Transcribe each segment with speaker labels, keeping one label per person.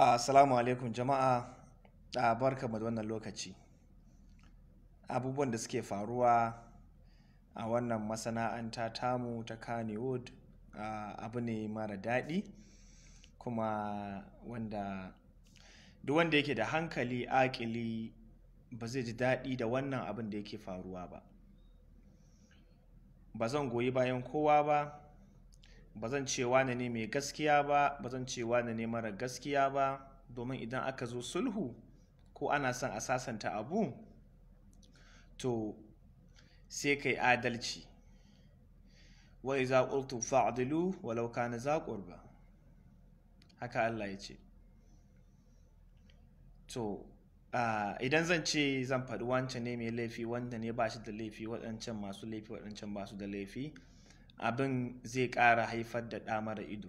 Speaker 1: Ah, assalamu alaikum jama'a a ah, barka da wannan lokaci abubuwan da suke faruwa a wannan masana'anta tamu ta Kannywood ah, abu ne mara daɗi kuma wanda duk wanda yake da hankali akili ba zai ji daɗi da wannan abin da yake faruwa ba ba zan goyi bayan kowa ba ba zan ce wane ne mai gaskiya ba ba zan ce wane ne mara gaskiya ba domin idan aka zo sulhu ko ana son a sasanta abu to sai kai adalci wa iza qultu fa'dilu walau kana za qurba haka Allah ya ce to idan zan ce zan faɗi wancan ne mai laifi wanda ne ba shi da laifi waɗancan masu laifi waɗancan ba su da laifi abin zai ƙara haifar da ɗa mara ido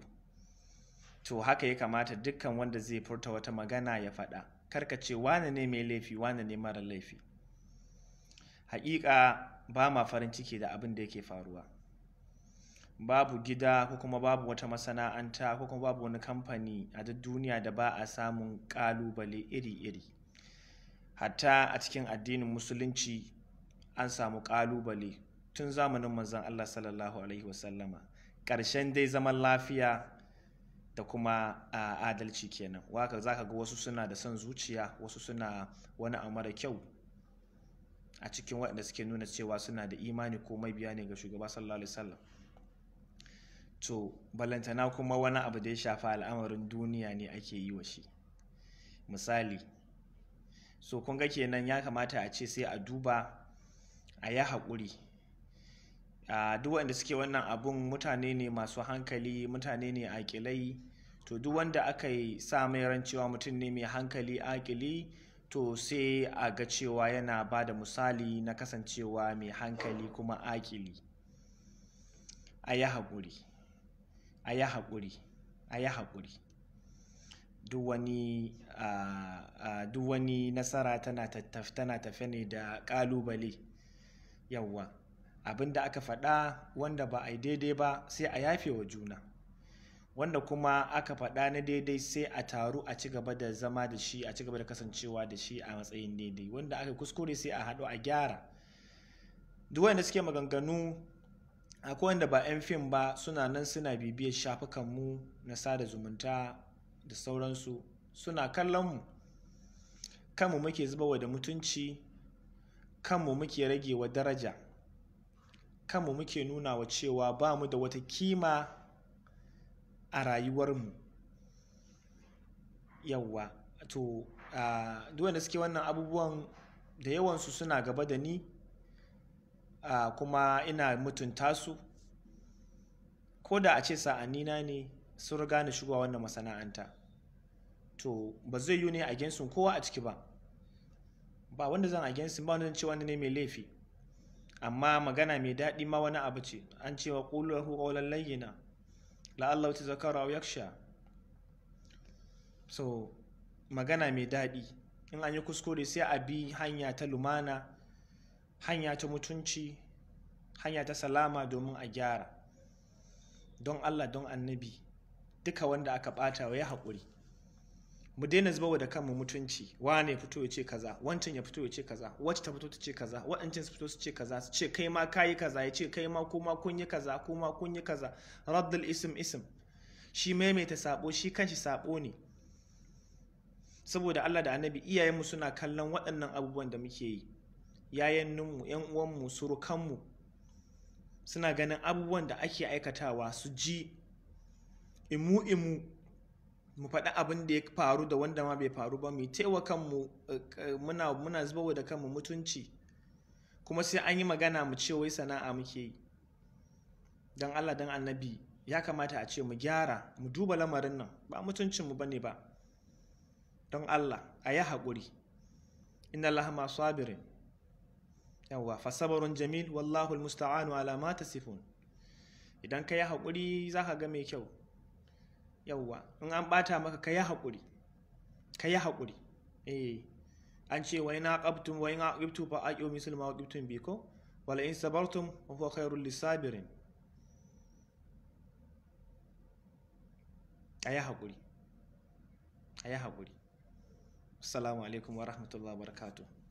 Speaker 1: to haka ya kamata dukkan wanda zai furta wata magana ya faɗa karka ce wane ne mai laifi wane ne mara laifi haƙiƙa ba ma farin ciki da abin da yake faruwa babu gida ko kuma babu wata masana'anta ko kuma babu wani kamfani a duk duniya da ba a samun ƙalubale iri-iri hatta a cikin addinin musulunci an samu ƙalubale tun zamanin manzon Allah sallallahu alaihi wasallama ƙarshen dai zaman lafiya da kuma adalci kenan waka zaka ga wasu suna da son zuciya wasu suna wani a mara kyau a cikin waɗanda suke nuna cewa suna da imani ko mai biya ne ga shugaba sallallahu alaihi to balantana kuma wani abu da ya shafa al'amarin duniya ne ake yi wa shi misali so kun ga kenan ya kamata a ce sai a duba a yi haƙuri duk wanda suke wannan abun mutane ne masu hankali mutane ne aƙilai to duk wanda aka yi sa mai ran cewa mutum ne mai hankali aƙili to sai a ga cewa yana ba da misali na kasancewa mai hankali kuma aƙili a yi haƙuri a yi haƙuri a yi haƙuri duk wani nasara tana tafe ne da ƙalubale yawwa abin da aka faɗa wanda ba a yi daidai ba sai a yafe wa juna wanda kuma aka faɗa na daidai sai a taru a ci gaba da zama da shi a ci gaba da kasancewa da shi a matsayin daidai wanda aka kuskure sai a haɗu a gyara duk wanda suke maganganu akwai wanda ba 'yan fim ba suna nan suna bibiyar shafukanmu na sada zumunta da sauransu suna kallon mu kanmu muke zubawa da mutunci kanmu muke ragewa daraja kanmu muke nuna wa cewa ba mu da wata kima a rayuwarmu yawwa to duk wanda suke wannan abubuwan da yawansu suna gaba da ni kuma ina mutunta su ko da a ce sa'anina ne sun riga ni shigowa wannan masana'anta to ba zai yi ne a gensun kowa a ciki ba ba wanda zan a gensun ba wanda zan ce wanda ne mai laifi amma magana mai daɗi ma wani abu ce an cewa qulu lahu qawlan na la'allahu tazakkaru a yaksha so magana mai daɗi in an yi kuskure sai a bi hanya ta lumana hanya ta mutunci hanya ta salama domin a gyara don allah don annabi duka wanda aka ɓata wa ya haƙuri mu daina zuba da kanmu mutunci wane fito ya ce kaza wancan ya fito ya ce kaza wacce ta fito ta ce kaza waɗancan su fito su ce kaza su ce kai ma kayi kaza ya ce kai ma kuma kun yi kaza kuma kun yi kaza raddul ism ism shi maimaita sabo shi kanshi sabo ne saboda Allah da annabi iyayenmu suna kallon waɗannan abubuwan da muke yi yayanninmu yan uwanmu surukanmu suna ganin abubuwan da ake aikatawa su ji imu imu mu faɗi abin da ya faru da wanda ma bai faru ba mu taiwa eh, kanmu muna muna wa da kanmu mutunci kuma sai an yi magana mu ce wai sana'a muke yi don Allah don annabi ya kamata a ce mu gyara mu duba lamarin nan ba mutuncin mu bane ba don Allah a yi haƙuri inna Allah ma sabirin yawwa fa sabarun jamil wallahu almusta'anu ala ma tasifun idan ka yi haƙuri za ka ga mai kyau yawwa in an bata maka ka yi haƙuri ka yi haƙuri eh an ce wai na ƙabtun wai na qibtu fa aqiu musulma ma qibtum bi ko wal in sabartum fa huwa khairul lisabirin ayi haƙuri ayi haƙuri assalamu alaikum wa rahmatullahi wa barakatuh